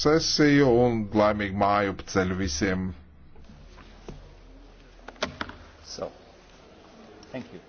sesiju un laimīgu māju ceļu visiem. So, thank you.